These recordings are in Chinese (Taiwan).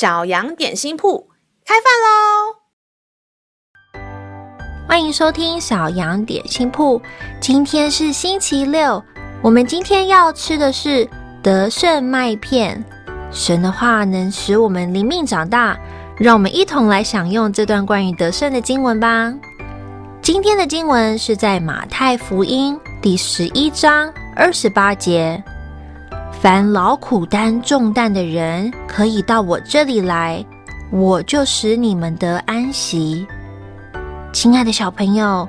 小羊點心鋪開飯嘍！歡迎收聽小羊點心鋪。今天是星期六，我們今天要吃的是得勝麥片。神的話能使我們靈命長大，讓我們一同來享用這段關於得勝的經文吧。今天的經文是在馬太福音第十一章二十八節。凡勞苦擔重擔的人，可以到我這裡來，我就使你們得安息。親愛的小朋友，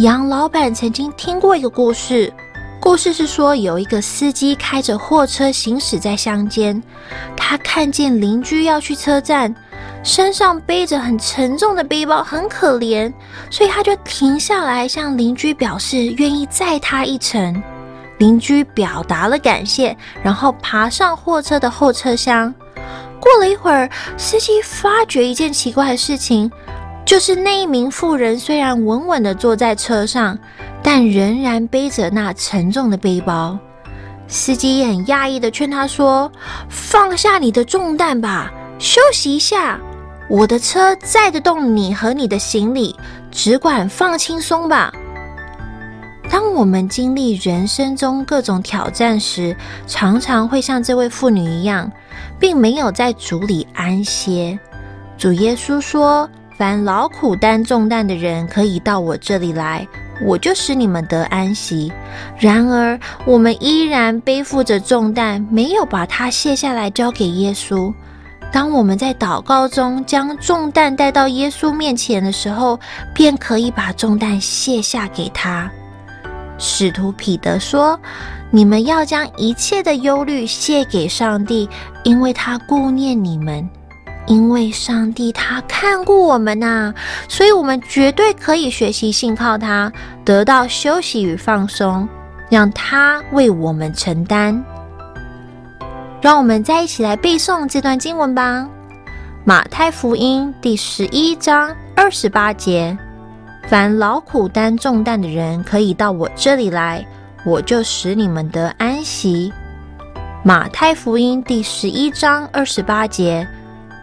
楊老板曾經聽過一個故事，故事是說有一個司機開着貨車行駛在鄉間，他看見鄰居要去車站，身上背着很沉重的背包，很可憐，所以他就停下來向鄰居表示願意載他一程。鄰居表達了感謝，然後爬上貨車的後車廂。過了一會兒，司機發覺一件奇怪的事情，就是那一名婦人雖然穩穩地坐在車上，但仍然背着那沉重的背包。司機很訝異地勸他說：“放下你的重擔吧，休息一下。我的車載得動你和你的行李，只管放輕鬆吧。”當我們經歷人生中各種挑戰時，常常會像這位婦女一樣，並沒有在主裡安歇。主耶穌說：“凡勞苦擔重擔的人，可以到我這裡來，我就使你們得安息。”然而，我們依然背負着重擔，沒有把它卸下來交給耶穌。當我們在禱告中將重擔帶到耶穌面前的時候，便可以把重擔卸下給他。使徒彼得說：“你們要將一切的憂慮卸給上帝，因為他顧念你們；因為上帝他看顧我們呐、啊，所以我們絕對可以學習信靠他，得到休息與放鬆，讓他為我們承擔。讓我們再一起來背誦這段經文吧，《馬太福音》第十一章二十八節。”凡勞苦擔重擔的人，可以到我這裡來，我就使你們得安息。馬太福音第十一章二十八節：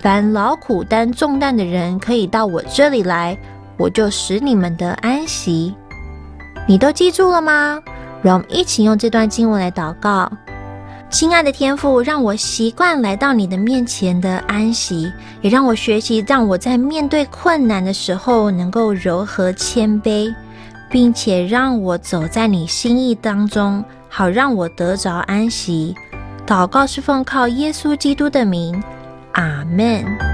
凡勞苦擔重擔的人，可以到我這裡來，我就使你們得安息。你都記住了嗎？讓我們一起用這段經文來禱告。親愛的天父，讓我習慣來到你的面前的安息，也讓我學習，讓我在面對困難的時候能夠柔和謙卑，並且讓我走在你心意當中，好讓我得着安息。禱告是奉靠耶穌基督的名，阿門。